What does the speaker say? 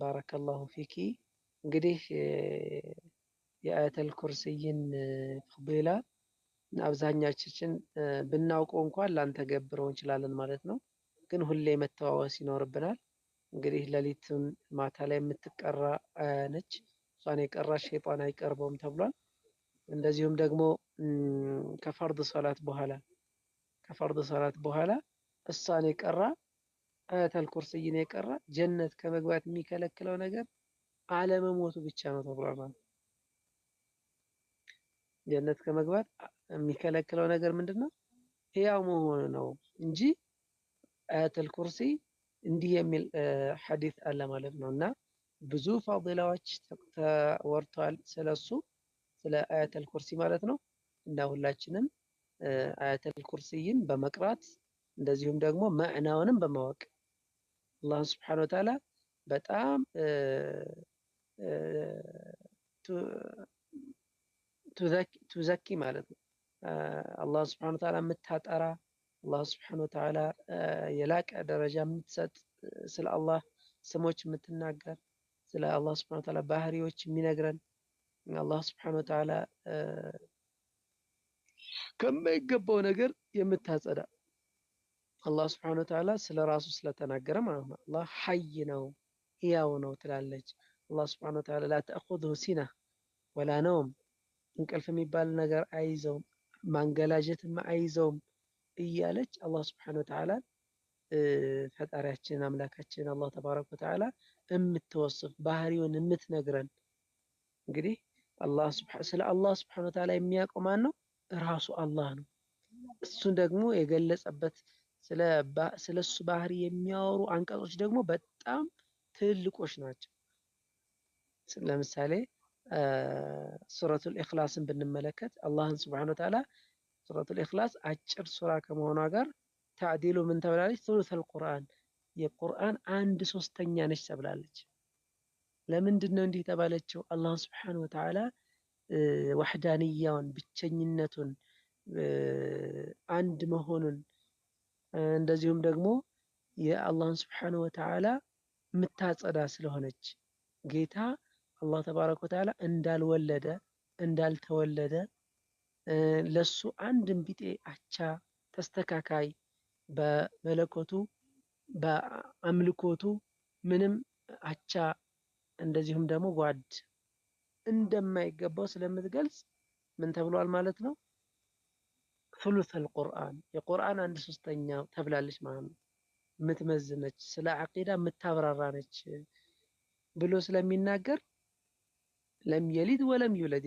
ባረከላሁ ፊኪ እንግዲህ የአያተል ኩርሲይን ፈዲላ አብዛኛችን ብናውቀው እንኳን ላንተገብረው እንችላለን ማለት ነው። ግን ሁሌ መተዋወስ ይኖርብናል። እንግዲህ ሌሊቱን ማታ ላይ የምትቀራ ነች። እሷን የቀራች ሸይጣን አይቀርበውም ተብሏል። እንደዚሁም ደግሞ ከፈርድ ሰላት በኋላ ከፈርድ ሰላት በኋላ እሷን የቀራ አያተል ኩርስይን ነው የቀረ ጀነት ከመግባት የሚከለክለው ነገር አለመሞቱ ብቻ ነው ተብሏል። ማለት ጀነት ከመግባት የሚከለክለው ነገር ምንድነው? ሕያው መሆኑ ነው እንጂ አያተል ኩርሲ እንዲህ የሚል ሐዲስ አለ ማለት ነው። እና ብዙ ፋዲላዎች ተወርተዋል ስለሱ ስለ አያተል ኩርሲ ማለት ነው። እና ሁላችንም አያተል ኩርሲይን በመቅራት እንደዚሁም ደግሞ ማዕናውንም በማወቅ አላህ ስብሐነ ወተዓላ በጣም ቱዘኪ ማለት ነው። አላህ ስብሐነ ወተዓላ የምታጠራ አላህ ስብሐነ ወተዓላ የላቀ ደረጃ የምትሰጥ ስለ አላህ ስሞች የምትናገር ስለ አላህ ስብሐነ ወተዓላ ባህሪዎች የሚነግረን አላህ ስብሐነ ወተዓላ ከማይገባው ነገር የምታጸዳ አላህ ስብሐነ ወተዓላ ስለ ራሱ ስለተናገረ ማለት ነው። አላህ ሐይ ነው ሕያው ነው ትላለች። አላህ ስብሐነ ወተዓላ ላተእኹዝሁ ሲና ወላ ነውም እንቅልፍ የሚባል ነገር አይዘውም፣ ማንገላጀትም አይዘውም እያለች አላህ ስብሐነ ወተዓላ ፈጣሪያችን አምላካችን አላህ ተባረከ ወተዓላ የምትወስፍ ባህሪውን የምትነግረን እንግዲህ ስለ አላህ ስብሐነ ወተዓላ የሚያውቀው ማን ነው? ራሱ አላህ ነው። እሱን ደግሞ የገለጸበት ስለ እሱ ባህሪ የሚያወሩ አንቀጾች ደግሞ በጣም ትልቆች ናቸው። ለምሳሌ ሱረቱል ኢኽላስን ብንመለከት አላህን ስብሐነ ወተዓላ ሱረቱል ኢኽላስ አጭር ሱራ ከመሆኗ ጋር ተዕዲሉ ምን ተብላለች? ሱሉሰል ቁርአን የቁርአን አንድ ሶስተኛ ነች ተብላለች። ለምንድን ነው እንዲህ የተባለችው? አላህ ስብሐነ ወተዓላ ዋህዳንያውን ብቸኝነቱን አንድ መሆኑን እንደዚሁም ደግሞ የአላህን ስብሓነሁ ወተዓላ ምታጸዳ ስለሆነች ጌታ አላህ ተባረከ ወተዓላ እንዳልወለደ እንዳልተወለደ ለሱ አንድም ቢጤ አቻ ተስተካካይ በመለኮቱ በአምልኮቱ ምንም አቻ እንደዚሁም ደግሞ ጓድ እንደማይገባው ስለምትገልጽ ምን ተብሏል ማለት ነው? ሱሉሰል ቁርአን የቁርአን አንድ ሶስተኛ ተብላለች ማለት ነው። የምትመዝነች ስለ አቂዳ የምታብራራ ነች ብሎ ስለሚናገር ለም የሊድ ወለም ይውለድ